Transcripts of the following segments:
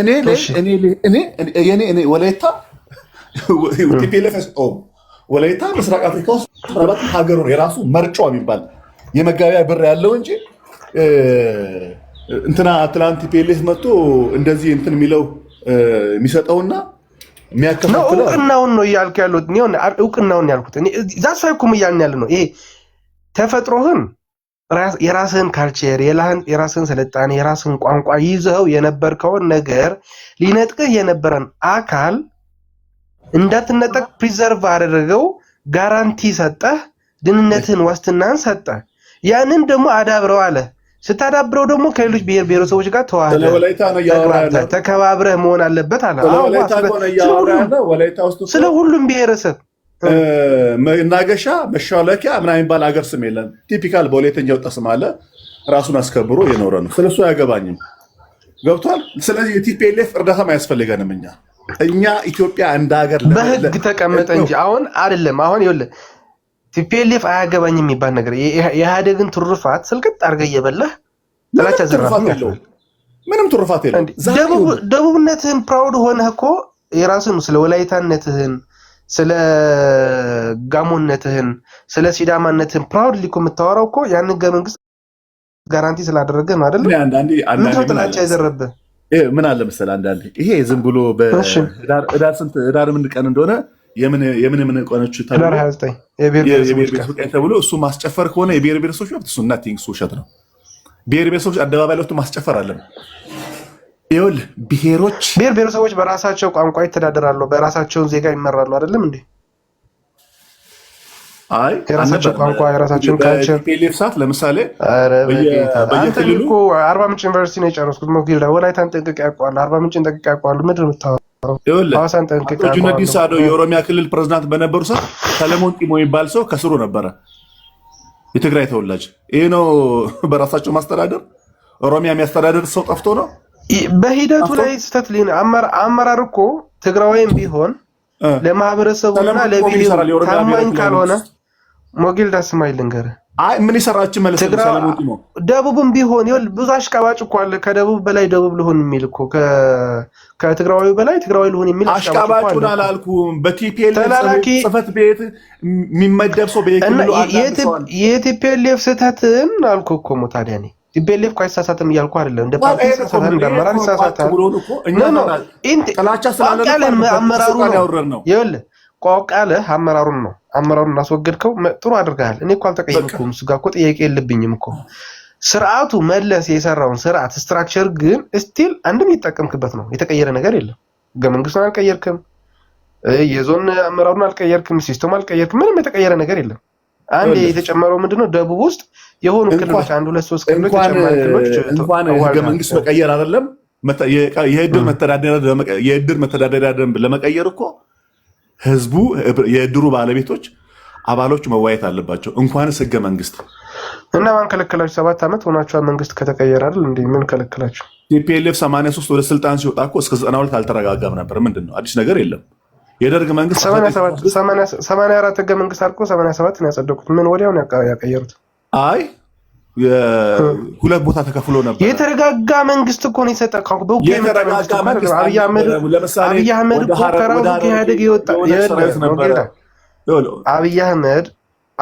እኔ እኔ እኔ ወላይታ ቲፒኤልኤፍ ወላይታ ምስራቅ አፍሪካ ውስጥ ምናልባት ሀገሩ የራሱ መርጮ የሚባል የመጋቢያ ብር ያለው እንጂ እንትና ትላንት ቲፒኤልኤፍ መጥቶ እንደዚህ እንትን የሚለው የሚሰጠውና የሚያከፋፍለው እውቅናውን ነው እያልኩ ያሉት እውቅናውን ያልኩት ዛሷ ይኩም እያልን ያለ ነው ይሄ ተፈጥሮህን የራስህን ካልቸር የራስህን ስልጣኔ የራስህን ቋንቋ ይዘው የነበርከውን ነገር ሊነጥቅህ የነበረን አካል እንዳትነጠቅ ፕሪዘርቭ አደረገው፣ ጋራንቲ ሰጠህ፣ ድንነትህን ዋስትናን ሰጠህ። ያንን ደግሞ አዳብረው አለ። ስታዳብረው ደግሞ ከሌሎች ብሔር ብሔረሰቦች ጋር ተዋህደህ ተከባብረህ መሆን አለበት አለ። ስለ ሁሉም ብሔረሰብ መናገሻ መሻለኪያ ምና የሚባል አገር ስም የለም። ቲፒካል በሁለተኛ ወጣ አለ። ራሱን አስከብሮ የኖረ ነው። ስለሱ አያገባኝም። ገብቷል። ስለዚህ የቲፒኤልኤፍ እርዳታም አያስፈልገንም። እኛ እኛ ኢትዮጵያ እንደ ሀገር በህግ ተቀመጠ እንጂ አሁን አይደለም። አሁን ይኸውልህ ቲፒኤልኤፍ አያገባኝ የሚባል ነገር የኢህአዴግን ትሩፋት ስልቅጥ አድርገህ እየበላህ ጥላቻ ዘራፍ ምንም ትሩፋት የለም። ደቡብነትህን ፕራውድ ሆነህ እኮ የራስን ስለ ወላይታነትህን ስለ ጋሞነትህን ስለ ሲዳማነትህን ፕራውድሊ ሊኮ የምታወራው እኮ ያን ህገ መንግስት ጋራንቲ ስላደረገ ነው አይደለም። የዘረብህ? ምን አለ መሰለህ አንዳንዴ ይሄ ዝም ብሎ ህዳር ምን ቀን እንደሆነ የምን ምን ቆነች ተብሎ እሱ ማስጨፈር ከሆነ የብሔር ብሔረሰቦች መብት እሱ ናቲንግ እሱ ውሸት ነው። ብሔር ብሔረሰቦች አደባባይ ለወጡ ማስጨፈር አለም ይኸውልህ ብሔሮች ብሔር ብሔረሰቦች በራሳቸው ቋንቋ ይተዳደራሉ፣ በራሳቸውን ዜጋ ይመራሉ። አይደለም እንዴ? አይ የራሳቸው ቋንቋ የራሳቸውን ካልቸር ሰዓት ለምሳሌ በየክልሉ አርባ ምንጭ ዩኒቨርሲቲ ነው የጨረስኩት። ሞኪል ወላይታን ጠንቅቄ አውቀዋለሁ። አርባ ምንጭን ጠንቅቄ አውቀዋለሁ። ምድር የምታወራው ሐዋሳን ጠንቅቄ አውቀዋለሁ። ጁነዲን ሳዶ የኦሮሚያ ክልል ፕሬዝዳንት በነበሩ ሰዓት ሰለሞን ጢሞ የሚባል ሰው ከስሩ ነበረ የትግራይ ተወላጅ። ይሄ ነው በራሳቸው ማስተዳደር። ኦሮሚያ የሚያስተዳደር ሰው ጠፍቶ ነው በሂደቱ ላይ ስተት ሊን አመራር እኮ ትግራዋይም ቢሆን ለማህበረሰቡና ለብሔሩ ታማኝ ካልሆነ ሞጊል ዳስማይ ልንገርህ፣ አይ ምን ይሰራች መልስ ደቡብም ቢሆን ይል ብዙ አሽቃባጭ እኮ አለ። ከደቡብ በላይ ደቡብ ልሆን የሚል እኮ ከትግራዋዩ በላይ ትግራዋይ ልሆን የሚል አሽቃባጩን አላልኩም። በቲፒኤልኤፍ ጽሕፈት ቤት የሚመደብ ሰው በየክልሉ የቲፒኤልኤፍ ስህተትን አልኩህ እኮ ታዲያ እኔ ቲፒኤልኤፍ እኮ አይሳሳትም እያልኩ አይደለም። እንደ ፓርቲ ይሳሳታል፣ እንደ አመራር ይሳሳታል። ቋቃለህ አመራሩን ነው አመራሩን እናስወገድከው። ጥሩ አድርገሃል። እኔ እኮ አልተቀየምኩም። እሱ ጋር እኮ ጥያቄ የለብኝም እኮ ስርዓቱ መለስ የሰራውን ስርዓት ስትራክቸር ግን ስቲል አንድም የተጠቀምክበት ነው። የተቀየረ ነገር የለም። ህገ መንግስቱን አልቀየርክም። የዞን አመራሩን አልቀየርክም። ሲስተም አልቀየርክም። ምንም የተቀየረ ነገር የለም። አንድ የተጨመረው ምንድነው ደቡብ ውስጥ የሆኑ ክልሎች አንድ ሁለት ሶስት ክልሎች ተጨማሪ እንኳን ህገ መንግስት መቀየር አይደለም የእድር መተዳደሪያ ደንብ ለመቀየር እኮ ህዝቡ የእድሩ ባለቤቶች አባሎች መዋየት አለባቸው። እንኳንስ ህገ መንግስት እና ማን ከለከላችሁ? ሰባት ዓመት ሆናችኋል። መንግስት ከተቀየረ አይደል እንዲ ምን ከለከላችሁ? ቲፒኤልኤፍ 83 ወደ ስልጣን ሲወጣ እኮ እስከ 92 አልተረጋጋም ነበር። ምንድን ነው አዲስ ነገር የለም። የደርግ መንግስት 84 ህገ መንግስት አርቆ 87 ነው ያጸደቁት። ምን ወዲያው ነው ያቀየሩት? አይ ሁለት ቦታ ተከፍሎ ነበር። የተረጋጋ መንግስት እኮ ነው የሰጠ። አብይ አህመድ ከራሱ ኢህአዴግ የወጣ አብይ አህመድ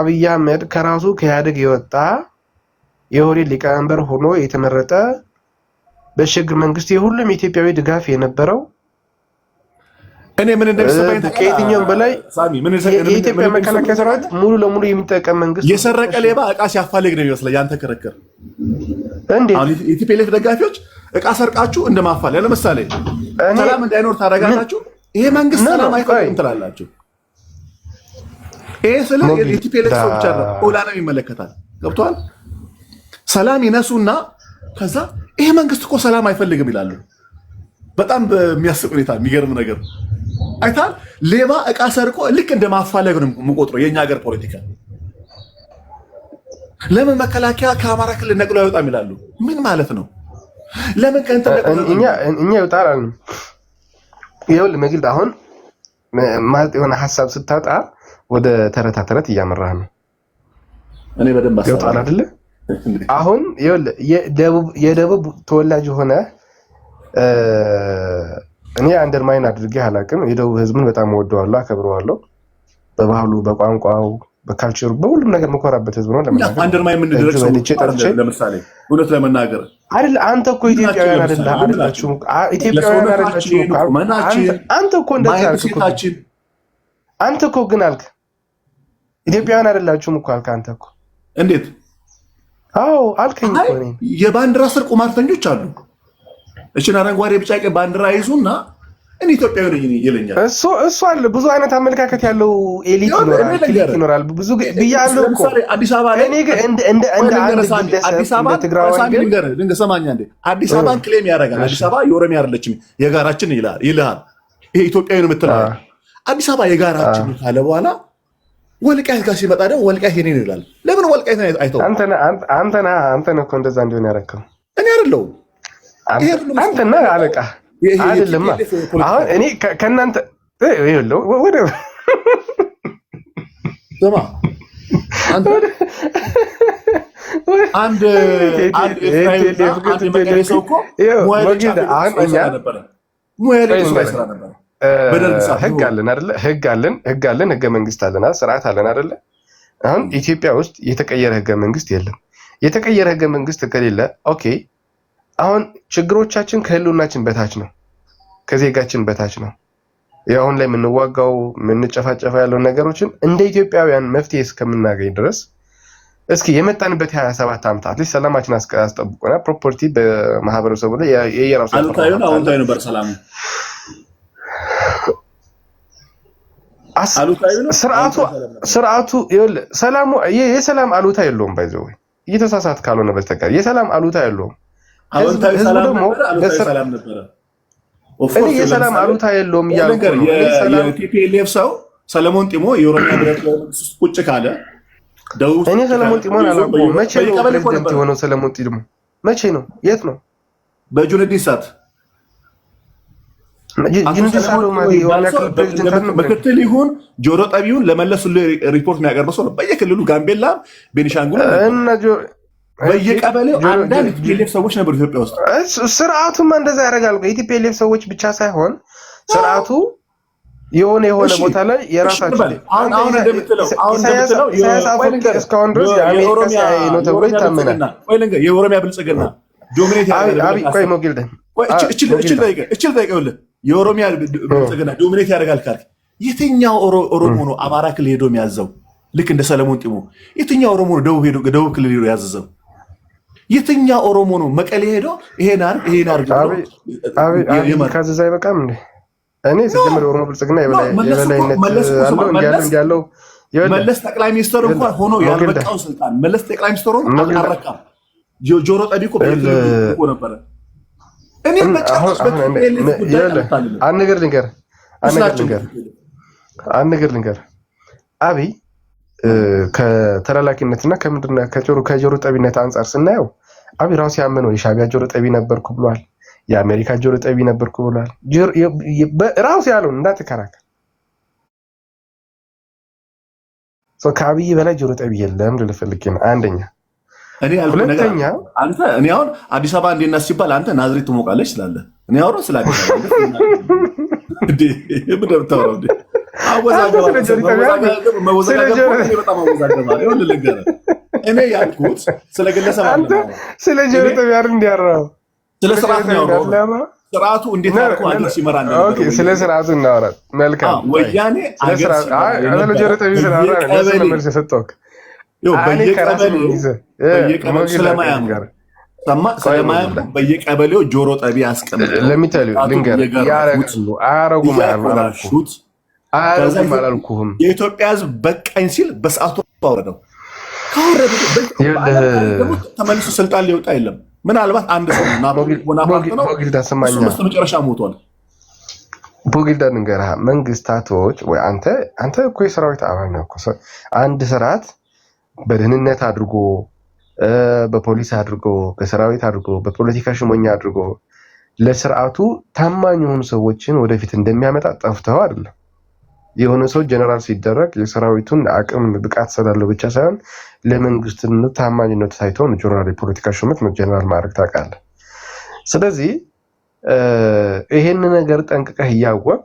አብይ አህመድ ከራሱ ከኢህአዴግ የወጣ የኦህዴድ ሊቀመንበር ሆኖ የተመረጠ በሽግግር መንግስት የሁሉም ኢትዮጵያዊ ድጋፍ የነበረው እኔ ምን እንደሚሰማኝ ከየትኛውም በላይ የኢትዮጵያ መከላከያ ሰራዊት ሙሉ ለሙሉ የሚጠቀም መንግስት የሰረቀ ሌባ እቃ ሲያፋልግ ነው ይመስላል ያንተ ክርክር። እንዴት ደጋፊዎች እቃ ሰርቃችሁ እንደማፋል ያለ ሰላም እንዳይኖር ታደርጋላችሁ። ይሄ መንግስት ሰላም አይፈልግም ትላላችሁ። ይሄ ስለ የቲፒኤልኤፍ ብቻ ነው፣ ኦላንም ይመለከታል። ገብቶሃል? ሰላም ይነሱና ከዛ ይሄ መንግስት እኮ ሰላም አይፈልግም ይላሉ። በጣም በሚያስቅ ሁኔታ የሚገርም ነገር አይታል ሌባ እቃ ሰርቆ ልክ እንደ ማፋለግ ነው የምቆጥረው የእኛ ሀገር ፖለቲካ። ለምን መከላከያ ከአማራ ክልል ነቅሎ አይወጣም ይላሉ። ምን ማለት ነው? ለምን ከእንትእኛ ይወጣል? ይኸውልህ መግልድ አሁን ማለት የሆነ ሀሳብ ስታጣ ወደ ተረታ ተረት እያመራህ ነው። እኔ በደንብ ይወጣል አይደለ? አሁን ይኸውልህ የደቡብ ተወላጅ የሆነ እኔ አንደርማይን አድርጌ አላውቅም። የደቡብ ህዝብን በጣም ወደዋለሁ፣ አከብረዋለሁ። በባህሉ፣ በቋንቋው፣ በካልቸሩ በሁሉም ነገር መኮራበት ህዝብ ነው። አንደርማይን ለመናገር አይደል? አንተ እኮ ኢትዮጵያውያን አይደላችሁም፣ ኢትዮጵያውያን አይደላችሁም። አንተ እኮ እንደታችን አንተ እኮ ግን አልክ ኢትዮጵያውያን አደላችሁም እኮ አልክ። አንተ እኮ እንዴት? አዎ አልከኝ። የባንዲራ ስር ቁማርተኞች አሉ እችን አረንጓዴ ቢጫ ቀይ ባንዲራ ይዙና እኔ ኢትዮጵያዊ ነኝ ይለኛል። እሱ እሱ አለ ብዙ አይነት አመለካከት ያለው ኤሊት ይኖራል። ብዙ ብያለሁ እኮ አዲስ አበባ ላይ ሰማኛ እንደ አዲስ አበባን ክሌም ያደርጋል። አዲስ አበባ የኦሮሚያ አይደለችም የጋራችን ይልሃል። ይሄ ኢትዮጵያዊ ነው የምትለው አዲስ አበባ የጋራችን ካለ በኋላ ወልቃይት ጋር ሲመጣ ደግሞ ወልቃይት ይሄን ይላል። ለምን ወልቃይት አይተው አንተና አንተና አንተና እኮ እንደዛ እንዲሆን ያደረከው እኔ አይደለሁም አንተና አለቃ አይደለማ። አሁን እኔ ከእናንተ ወደ ህግ አለን ህገ መንግስት አለና ስርዓት አለን አይደለ? አሁን ኢትዮጵያ ውስጥ የተቀየረ ህገ መንግስት የለም። የተቀየረ ህገ መንግስት ከሌለ ኦኬ አሁን ችግሮቻችን ከህልውናችን በታች ነው፣ ከዜጋችን በታች ነው። አሁን ላይ የምንዋጋው የምንጨፋጨፈ ያለው ነገሮችን እንደ ኢትዮጵያውያን መፍትሄ እስከምናገኝ ድረስ እስኪ የመጣንበት ሀያ ሰባት ዓመት አትሊስት ሰላማችን አስጠብቆና ፕሮፐርቲ በማህበረሰቡ ላይ የየራሱ አሉታዊ ነበር። ሰላም ስርዓቱ ሰላሙ የሰላም አሉታ የለውም። ባይዘ እየተሳሳት ካልሆነ በስተቀር የሰላም አሉታ የለውም። አዎንታዊ ሰላም ነበረ። እኔ የሰላም አሉታ የለውም እያልኩ የቲፒኤልኤፍ ሰው ሰለሞን ጢሞ የኦሮሚያ ብሔራዊ ቁጭ ካለ እኔ ሰለሞን ጢሞን አላውቀውም። መቼ ነው ፕሬዚደንት የሆነው? ሰለሞን ጢሞ መቼ ነው? የት ነው? በጁነዲን ሰዓት ምክትል ይሁን ጆሮ ጠቢውን ሪፖርት የሚያቀርበ ሰው ነው። በየክልሉ ጋምቤላ፣ ቤኒሻንጉል እና በየቀበሌው አንዳንድ ኢትዮጵያሌፍ ሰዎች ነበሩ ኢትዮጵያ ውስጥ። ስርዓቱማ እንደዛ ያደርጋል። ኢትዮጵያሌፍ ሰዎች ብቻ ሳይሆን ስርዓቱ የሆነ የሆነ ቦታ ላይ የራሳቸው ድረስ የአሜሪካ ነው ተብሎ ይታመናል። የኦሮሚያ ብልጽግና ዶሚኔት ያደርጋል። የኦሮሚያ ብልጽግና ዶሚኔት ያደርጋል ካልክ የትኛው ኦሮሞ ነው አማራ ክልል ሄዶ የሚያዘው? ልክ እንደ ሰለሞን ጢሞ የትኛው ኦሮሞ ነው ደቡብ ክልል ሄዶ ያዘዘው? የትኛ ኦሮሞ ነው መቀሌ ሄዶ ይሄን አርግ ይሄን አርግ ካዘዛ አይበቃም እንዴ? እኔ ስጀምር ኦሮሞ ብልጽግና የበላይነት ያለው መለስ ጠቅላይ ሚኒስትር እንኳን ሆኖ ያልበቃው ስልጣን መለስ ጠቅላይ ሚኒስትር ሆኖ አልበቃም። ጆሮ ጠቢ እኮ ነበረ። እኔ አንድ ነገር ልንገር አንድ ነገር ልንገር አብይ ከተላላኪነትና ከምንድነው ከጆሮ ጠቢነት አንጻር ስናየው አብይ ራሱ ያመነው የሻቢያ ጆሮ ጠቢ ነበርኩ ብሏል። የአሜሪካ ጆሮ ጠቢ ነበርኩ ብሏል። ራሱ ያለውን እንዳትከራከር። ከአብይ በላይ ጆሮ ጠቢ የለም ልልህ ፈልጌ ነው። አንደኛ ሁለተኛ አንተ እኔ አሁን አዲስ አበባ እንዴት ናት ሲባል አንተ ናዝሬት ትሞቃለች ስላለህ እኔ አውሮ ስለ አዲስ አበባ በጣም እኔ ያልኩት ስለ ግለሰብ ስለ ጀሮተቢያር እንዲያራው ስለ ስርዓት ነው ስርዓቱ እንዴት ያልኩ አገር ሲመራ ነው። ኦኬ ስለ ስርዓቱ እናወራለን። መልካም ወያኔ አገር ስለ በየቀበሌው ጆሮ ጠቢ አስቀምጠው ለሚታዩ ልንገር አያረጉም አላልኩህም። የኢትዮጵያ ሕዝብ በቃኝ ሲል በሰዓቱ አውረደው። ካወረዱ ተመልሶ ስልጣን ሊወጣ የለም። ምናልባት አንድ ሰው ናቦናፓርትነውሱ መጨረሻ ሞቷል። ቦጊልዳ ንገርሃ መንግስታቶች ወይ አንተ አንተ እኮ የሰራዊት አባል ነው። አንድ ስርዓት በደህንነት አድርጎ በፖሊስ አድርጎ በሰራዊት አድርጎ በፖለቲካ ሽሞኛ አድርጎ ለስርዓቱ ታማኝ የሆኑ ሰዎችን ወደፊት እንደሚያመጣ ጠፍተው አይደለም የሆነ ሰው ጀነራል ሲደረግ የሰራዊቱን አቅም ብቃት ስላለው ብቻ ሳይሆን ለመንግስትነት ታማኝነቱ ታይቶ ጀነራል የፖለቲካ ሹመት ጀነራል ማድረግ ታውቃለህ። ስለዚህ ይሄን ነገር ጠንቅቀህ እያወቅ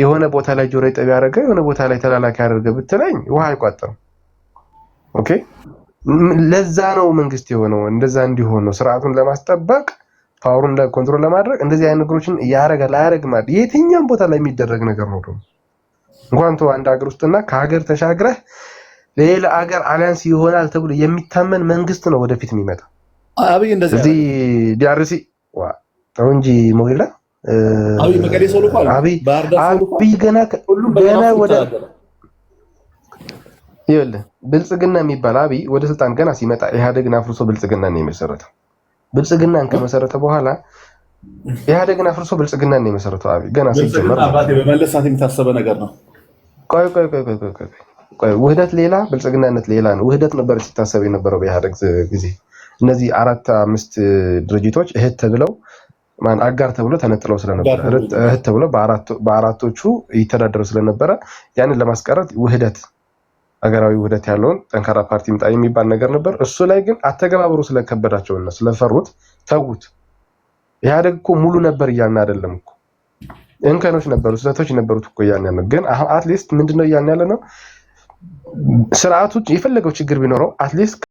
የሆነ ቦታ ላይ ጆሮ ጠቢ ያደረገ የሆነ ቦታ ላይ ተላላኪ ያደርገ ብትለኝ ውሃ አይቋጠርም። ኦኬ፣ ለዛ ነው መንግስት የሆነው እንደዛ እንዲሆን ነው ስርዓቱን ለማስጠበቅ ፓወሩን ኮንትሮል ለማድረግ እንደዚህ አይነት ነገሮችን እያደረገ ላያደረግ አያደረግማል። የትኛውም ቦታ ላይ የሚደረግ ነገር ነው ደግሞ እንኳን ተው አንድ ሀገር ውስጥና ከሀገር ተሻግረህ ሌላ ሀገር አሊያንስ ይሆናል ተብሎ የሚታመን መንግስት ነው ወደፊት የሚመጣ አብይ እንደዚህ እዚህ ዲያርሲ ተው እንጂ ሞላ አብይ መቀሌ ሰው አብይ አብይ ገና ገና ወደ ይኸውልህ ብልጽግና የሚባል አብይ ወደ ስልጣን ገና ሲመጣ ኢህአዴግን አፍርሶ ብልጽግናን ነው የመሰረተው። ብልጽግናን ከመሰረተ በኋላ ኢህአዴግን አፍርሶ ብልጽግናን ነው የመሰረተው አብይ ገና ሲጀመር በመለሳት የሚታሰበ ነገር ነው። ቆይ ቆይ ቆይ ቆይ ቆይ ቆይ ውህደት ሌላ ብልጽግናነት ሌላ ነው። ውህደት ነበር ሲታሰብ የነበረው በኢህአደግ ጊዜ። እነዚህ አራት አምስት ድርጅቶች እህት ተብለው ማን አጋር ተብሎ ተነጥለው ስለነበረ እህት ተብሎ በአራቶቹ ይተዳደሩ ስለነበረ ያንን ለማስቀረት ውህደት ሀገራዊ ውህደት ያለውን ጠንካራ ፓርቲ ምጣ የሚባል ነገር ነበር። እሱ ላይ ግን አተገባበሩ ስለከበዳቸውና ስለፈሩት ተዉት። ኢህአደግ እኮ ሙሉ ነበር እያልን አይደለም እኮ እንከኖች ነበሩ፣ ስህተቶች ነበሩት እኮ እያልን ያለ ግን አትሊስት ምንድነው እያልን ያለ ነው ስርዓቱ የፈለገው ችግር ቢኖረው አትሊስት